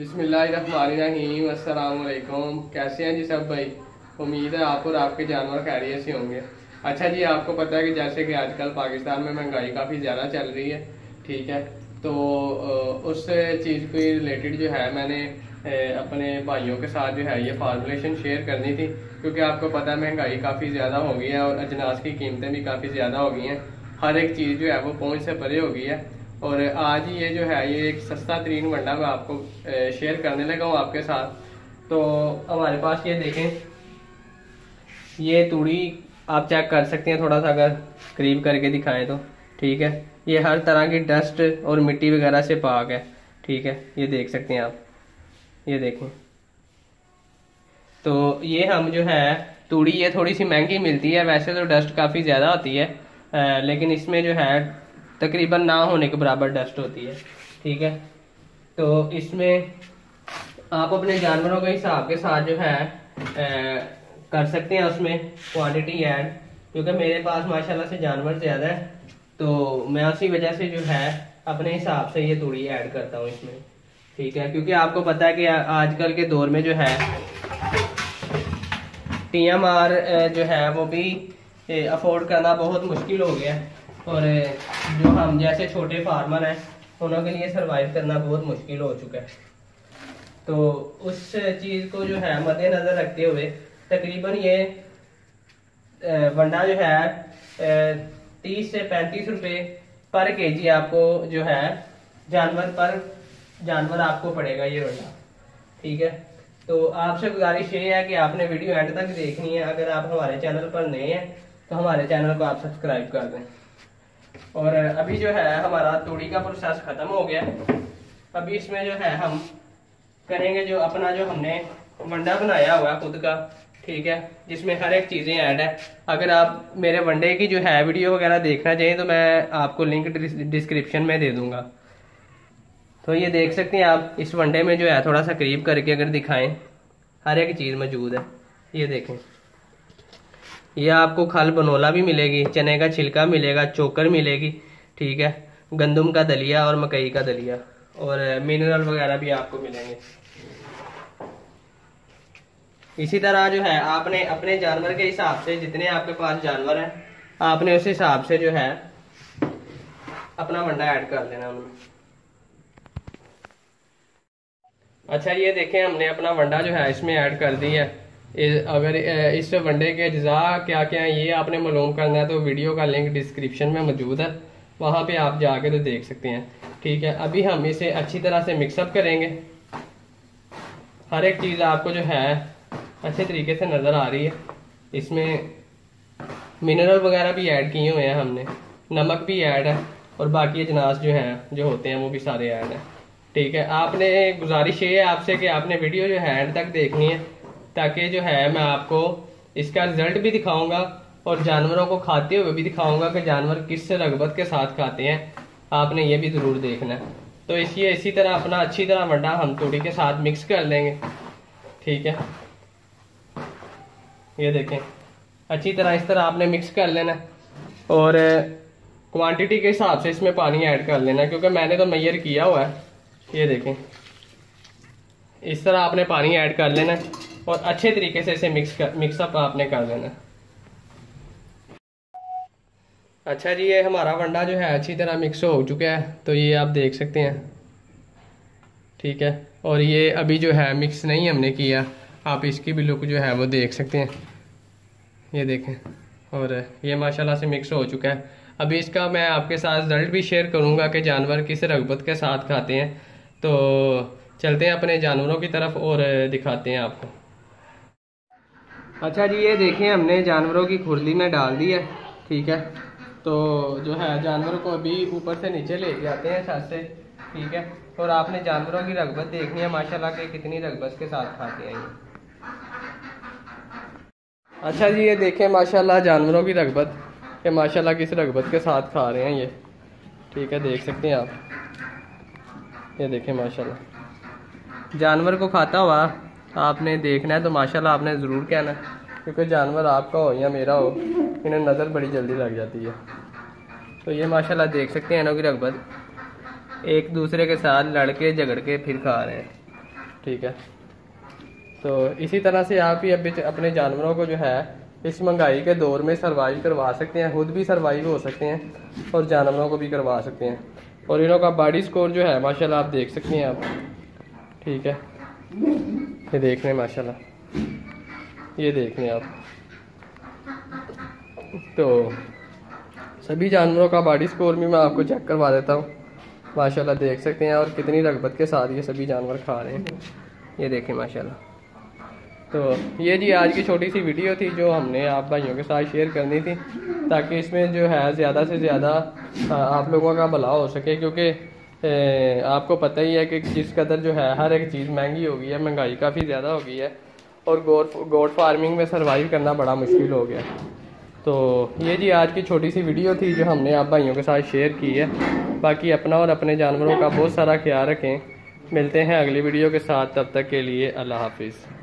बिसमीम कैसे हैं जी सब भाई उम्मीद है आप और आपके जानवर खैरियत से होंगे अच्छा जी आपको पता है कि जैसे कि आजकल पाकिस्तान में महंगाई काफ़ी ज़्यादा चल रही है ठीक है तो उस चीज़ के रिलेटेड जो है मैंने अपने भाइयों के साथ जो है ये फार्मूलेशन शेयर करनी थी क्योंकि आपको पता है महंगाई काफ़ी ज़्यादा हो गई है और अजनास की कीमतें भी काफ़ी ज़्यादा हो गई हैं हर एक चीज़ जो है वो पहुँच से परे हो गई है और आज ही ये जो है ये एक सस्ता तरीन वंडा मैं आपको शेयर करने लगा हूँ आपके साथ तो हमारे पास ये देखें ये तूड़ी आप चेक कर सकते हैं थोड़ा सा अगर करीब करके दिखाएं तो ठीक है ये हर तरह की डस्ट और मिट्टी वगैरह से पाक है ठीक है ये देख सकते हैं आप ये देखें तो ये हम जो है तूड़ी ये थोड़ी सी महंगी मिलती है वैसे तो डस्ट काफ़ी ज़्यादा होती है आ, लेकिन इसमें जो है तकरीबन ना होने के बराबर डस्ट होती है ठीक है तो इसमें आप अपने जानवरों के हिसाब के साथ जो है ए, कर सकते हैं उसमें क्वांटिटी ऐड क्योंकि मेरे पास माशाल्लाह से जानवर ज़्यादा है तो मैं उसी वजह से जो है अपने हिसाब से ये तूड़ी ऐड करता हूँ इसमें ठीक है क्योंकि आपको पता है कि आजकल के दौर में जो है आर जो है वो भी अफोर्ड करना बहुत मुश्किल हो गया और जो हम जैसे छोटे फार्मर हैं उनके लिए सरवाइव करना बहुत मुश्किल हो चुका है तो उस चीज़ को जो है मद्देनज़र रखते हुए तकरीबन ये वंडा जो है तीस से पैंतीस रुपये पर केजी आपको जो है जानवर पर जानवर आपको पड़ेगा ये वंडा ठीक है तो आपसे गुजारिश ये है कि आपने वीडियो एंड तक देखनी है अगर आप हमारे चैनल पर नए हैं तो हमारे चैनल को आप सब्सक्राइब कर दें और अभी जो है हमारा तोड़ी का प्रोसेस ख़त्म हो गया अभी इसमें जो है हम करेंगे जो अपना जो हमने वंडा बनाया हुआ खुद का ठीक है जिसमें हर एक चीज़ें ऐड है अगर आप मेरे वनडे की जो है वीडियो वगैरह देखना चाहिए तो मैं आपको लिंक डिस्क्रिप्शन में दे दूंगा तो ये देख सकते हैं आप इस वनडे में जो है थोड़ा सा करीब करके अगर दिखाएं हर एक चीज़ मौजूद है ये देखें यह आपको खाल बनोला भी मिलेगी चने का छिलका मिलेगा चोकर मिलेगी ठीक है गंदम का दलिया और मकई का दलिया और मिनरल वगैरह भी आपको मिलेंगे इसी तरह जो है आपने अपने जानवर के हिसाब से जितने आपके पास जानवर हैं आपने उस हिसाब से जो है अपना मंडा ऐड कर लेना उनमें अच्छा ये देखें हमने अपना वंडा जो है इसमें ऐड कर दी है अगर इस वनडे के अज्जा क्या क्या है ये आपने मालूम करना है तो वीडियो का लिंक डिस्क्रिप्शन में मौजूद है वहाँ पे आप जाके तो देख सकते हैं ठीक है अभी हम इसे अच्छी तरह से मिक्सअप करेंगे हर एक चीज़ आपको जो है अच्छे तरीके से नज़र आ रही है इसमें मिनरल वगैरह भी ऐड किए हुए हैं हमने नमक भी ऐड है और बाकी अजनास जो हैं जो होते हैं वो भी सारे ऐड हैं ठीक है आपने गुजारिश ये है आपसे कि आपने वीडियो जो है एंड तक देखनी है ताकि जो है मैं आपको इसका रिजल्ट भी दिखाऊंगा और जानवरों को खाते हुए भी दिखाऊंगा कि जानवर किस रगबत के साथ खाते हैं आपने ये भी ज़रूर देखना है तो इसी इसी तरह अपना अच्छी तरह मंडा हम तूड़ी के साथ मिक्स कर लेंगे ठीक है ये देखें अच्छी तरह इस तरह आपने मिक्स कर लेना और क्वांटिटी के हिसाब से इसमें पानी ऐड कर लेना क्योंकि मैंने तो मैयर किया हुआ है ये देखें इस तरह आपने पानी ऐड कर लेना और अच्छे तरीके से इसे मिक्स कर मिक्सअप आपने कर देना अच्छा जी ये हमारा वंडा जो है अच्छी तरह मिक्स हो चुका है तो ये आप देख सकते हैं ठीक है और ये अभी जो है मिक्स नहीं हमने किया आप इसकी भी लुक जो है वो देख सकते हैं ये देखें और ये माशाल्लाह से मिक्स हो चुका है अभी इसका मैं आपके साथ रिजल्ट भी शेयर करूँगा कि जानवर किस रगबत के साथ खाते हैं तो चलते हैं अपने जानवरों की तरफ और दिखाते हैं आपको अच्छा जी ये देखें हमने जानवरों की खुरली में डाल दी है ठीक है तो जो है जानवर को अभी ऊपर से नीचे ले जाते हैं छत से ठीक है और आपने जानवरों की रगबत देखनी है माशाल्लाह के कितनी रगबत के साथ खाते हैं ये अच्छा जी ये देखें माशाल्लाह जानवरों की रगबत के माशाल्लाह किस रगबत के साथ खा रहे हैं ये ठीक है देख सकते हैं आप ये देखें माशाल्लाह जानवर को खाता हुआ आपने देखना है तो माशाल्लाह आपने ज़रूर कहना है क्योंकि जानवर आपका हो या मेरा हो इन्हें नज़र बड़ी जल्दी लग जाती है तो ये माशाल्लाह देख सकते हैं इनों की रगबत एक दूसरे के साथ लड़ के झगड़ के फिर खा रहे हैं ठीक है तो इसी तरह से आप ही अब अपने जानवरों को जो है इस महंगाई के दौर में सर्वाइव करवा सकते हैं खुद भी सर्वाइव हो सकते हैं और जानवरों को भी करवा सकते हैं और इनों का बॉडी स्कोर जो है माशाल्लाह आप देख सकते हैं आप ठीक है ये देख रहे हैं माशा ये देख रहे हैं आप तो सभी जानवरों का बॉडी स्कोर भी मैं आपको चेक करवा देता हूँ माशा देख सकते हैं और कितनी रगबत के साथ ये सभी जानवर खा रहे हैं ये देखें माशा तो ये जी आज की छोटी सी वीडियो थी जो हमने आप भाइयों के साथ शेयर करनी थी ताकि इसमें जो है ज़्यादा से ज़्यादा आप लोगों का भला हो सके क्योंकि आपको पता ही है कि किस कदर जो है हर एक चीज़ महंगी हो गई है महंगाई काफ़ी ज़्यादा हो गई है और गोड गोड फार्मिंग में सर्वाइव करना बड़ा मुश्किल हो गया तो ये जी आज की छोटी सी वीडियो थी जो हमने आप भाइयों के साथ शेयर की है बाकी अपना और अपने जानवरों का बहुत सारा ख्याल रखें मिलते हैं अगली वीडियो के साथ तब तक के लिए अल्लाह हाफिज़